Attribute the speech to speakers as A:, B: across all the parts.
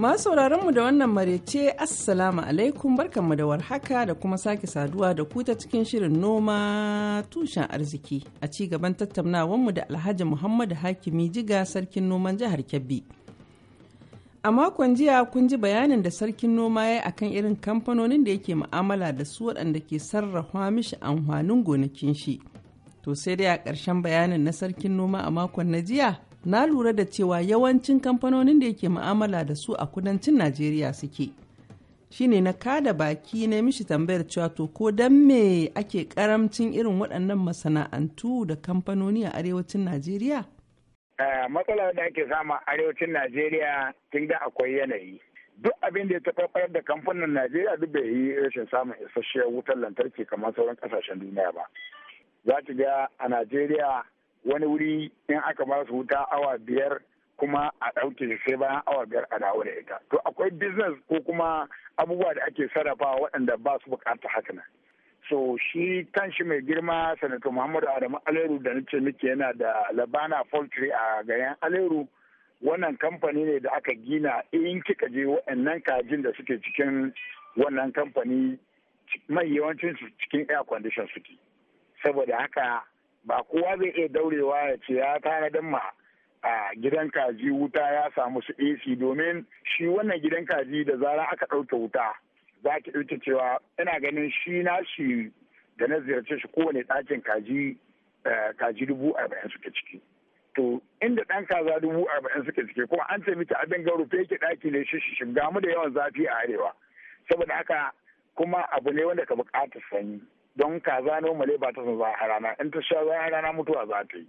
A: Masu mu da wannan marece Assalamu alaikum barkanmu da warhaka da kuma sake saduwa da ku ta cikin shirin noma tushen arziki a ci gaban tattaunawanmu da Alhaji Muhammadu Hakimi Jiga sarkin noman jihar Kebbi. A makon jiya kun ji bayanin da sarkin noma ya akan irin kamfanonin da yake mu'amala da su waɗanda ke sarrafa mishi amfanin gonakin shi. To sai dai a ƙarshen bayanin na sarkin noma a makon na jiya na lura da cewa yawancin kamfanonin da yake mu'amala da su a kudancin Najeriya suke. Shine na kada baki na mishi tambayar cewa to ko dan me ake karamcin irin waɗannan masana'antu da kamfanoni a arewacin Najeriya?
B: Matsala da ake samu a arewacin Najeriya tun da akwai yanayi. Duk abin da ya tafafar da kamfanin Najeriya duk bai yi rashin samun isasshiyar wutar lantarki kamar sauran kasashen duniya ba. Za ta ga a Najeriya wani wuri in aka ba su wuta awa biyar kuma a ɗauke sai bayan awa biyar a dawo da ita to akwai business ko kuma abubuwa da ake sarrafawa waɗanda ba su bukata haka nan so shi kan shi mai girma sanato muhammadu adamu aleru da nace nake yana da labana poultry a gayan aleru wannan kamfani ne da aka gina in kika je waɗannan kajin da suke cikin wannan kamfani mai yawancin cikin air condition suke saboda haka ba kowa zai iya daurewa ya ce ya tanadar ma a gidan kaji wuta ya samu su AC domin shi wannan gidan kaji da zara aka ɗauke wuta za ki ɗauke cewa ina ganin shi na shi da na ziyarce shi kowane ɗakin kaji kaji dubu arba'in suke ciki. To inda ɗan kaza dubu arba'in suke ciki kuma an ce miki abin garo yake ɗaki ne shi shi mu da yawan zafi a arewa saboda haka kuma abu ne wanda ka buƙatar sanyi. don kaza normally ba ta son a rana in ta sha a rana mutuwa za ta yi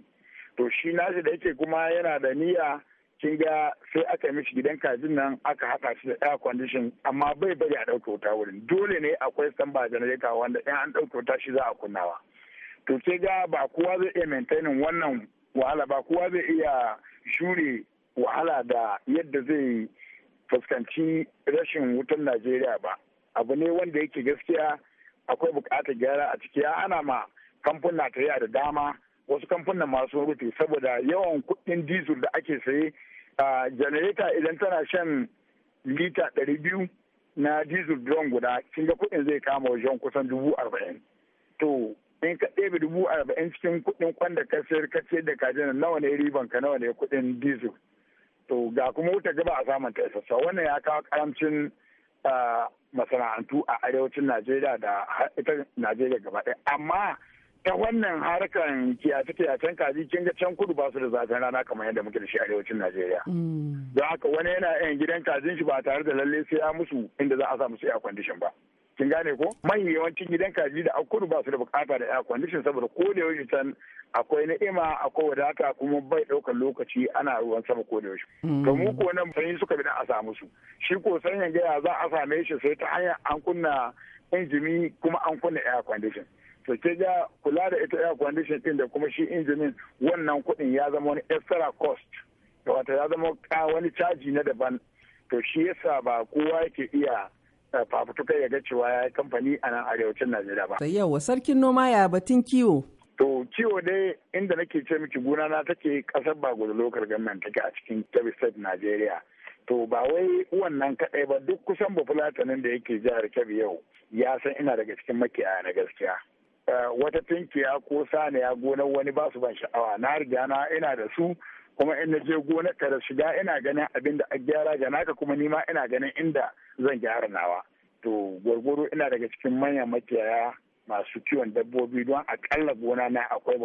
B: to shi nashi da yake kuma yana da niyya kin ga sai aka yi mishi gidan kajin nan aka haɗa shi da air condition amma bai bari a ɗauke wuta wurin dole ne akwai samba janareta wanda in an ɗauke wuta shi za a kunnawa to sai ga ba kowa zai iya maintaining wannan wahala ba kowa zai iya shure wahala da yadda zai fuskanci rashin wutan najeriya ba abu ne wanda yake gaskiya akwai bukatar gyara a ciki ana ma na tarayya da dama wasu kamfunan masu rufe saboda yawan kuɗin diesel da ake saye janareta idan tana shan lita ɗari biyu na diesel don guda kin ga kuɗin zai kama wajen kusan dubu arba'in to in ka ɗebe dubu arba'in cikin kuɗin kwanda ka sayar ka ce da kajin nawa ne riban ka nawa ne kuɗin diesel to ga kuma wuta gaba a samun ta isassa wannan ya kawo karamcin masana'antu a arewacin najeriya da ita najeriya gaba ɗaya amma ta wannan harkan kiyace kiyacen kaji kin ga can kudu ba su da zafin rana kamar yadda muke da shi arewacin najeriya mm. don haka wani yana yan gidan kajin shi ba tare da lalle sai ya musu inda za a sa musu air condition ba kin gane ko manyan yawancin gidan kaji da akuru ba su da bukata da air condition saboda ko da yaushe can akwai ni'ima akwai wadata kuma bai daukar lokaci ana ruwan sama ko da yaushe mm. to mu ko nan sanyi suka bi a samu su shi ko sanyin gaya za a same shi sai ta hanyar an kunna injimi kuma an kunna air condition to ke ga kula da ita air condition din da kuma shi injimin wannan kuɗin ya zama wani extra cost wato ya zama wani caji na daban to shi yasa ba kowa yake iya fafutu ya ga cewa ya kamfani a nan arewacin Najeriya ba. Sai yawa
A: sarkin noma ya batun kiwo.
B: To kiwo dai inda nake ce miki gona na take kasar gudu lokar gannan take a cikin Kebbi State Najeriya. To ba wai wannan kaɗai ba duk kusan bafulatanin da yake jihar Kebbi yau ya san ina daga cikin makiyaya na gaskiya. Eh, wata tinkiya ko saniya gonar wani ba su ban sha'awa na riga na ina da su kuma in na je gona tare da shiga ina ganin abin da an gyara ga naka kuma nima ina ganin inda zan gyara nawa to gwargwaro ina daga cikin manyan makiyaya masu kiwon dabbobi don akalla gona na akwai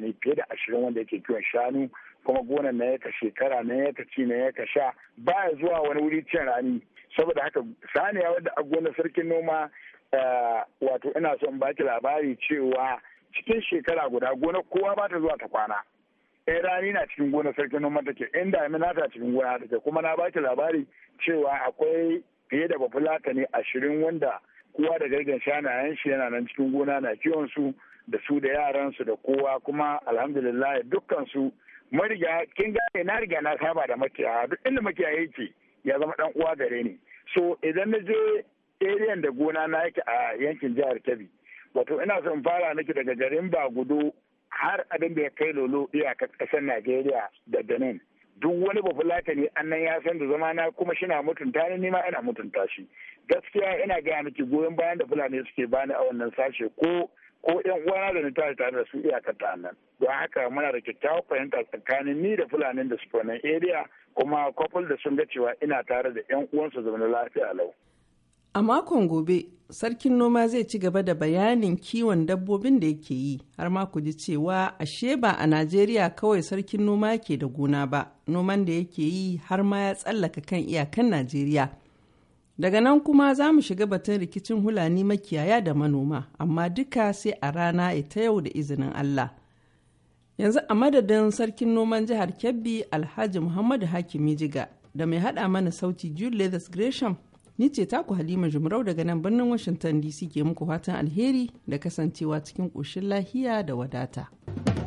B: ne fiye da ashirin wanda yake kiwon shanu kuma gonan na yaka shekara na yaka ci na yaka sha baya zuwa wani wuri cin rani saboda haka saniya wanda a gona sarkin noma eh, wato ina son baki labari cewa cikin shekara guda gona kowa ba ta zuwa ta kwana in rani na cikin gona sarkin noma take in damina ta cikin gona take kuma na baki labari cewa akwai fiye da bafulaka ne ashirin wanda kowa da gargan shanayen shi yana nan cikin gona na kiwon su da su da yaran su da kowa kuma alhamdulillah dukkan su mariga kin gane na riga na saba da makiyaya duk inda makiyaya yake ya zama dan uwa gare ni so idan na je area da gona na yake a yankin jihar Kebbi wato ina son fara nake daga garin Bagudo har abin da ya kai lolo iyaka ƙasar Najeriya da Benin. Duk wani babu latani annan ya san da zama na kuma shi na mutunta ni ma ina mutunta shi. Gaskiya ina gaya miki goyon bayan da Fulani suke bani a wannan sashe ko ko yan uwana da ni tare tare da su iyakar ta nan. Don haka muna da kyakkyawar fahimta tsakanin ni da Fulanin da su wannan area kuma couple da sun ga cewa ina tare da yan uwansu zaman lafiya lau.
A: A makon gobe, sarkin noma zai ci gaba da bayanin kiwon dabbobin da yake yi, har ma ku ji cewa ashe ba a Najeriya kawai sarkin noma ke da gona ba, noman da yake yi har ma ya tsallaka kan iyakan Najeriya. Daga nan kuma za mu shiga batun rikicin hulani makiyaya da manoma, amma duka sai a rana ita yau da izinin Allah. Yanzu a madadin sarkin noman jihar Kebbi Alhaji Muhammadu Hakimi Jiga da mai haɗa mana sauti Julius Gresham Ni ce taku Halima Jumrau daga nan birnin Washington DC ke muku fatan alheri da kasancewa cikin ƙoshin lahiya da wadata.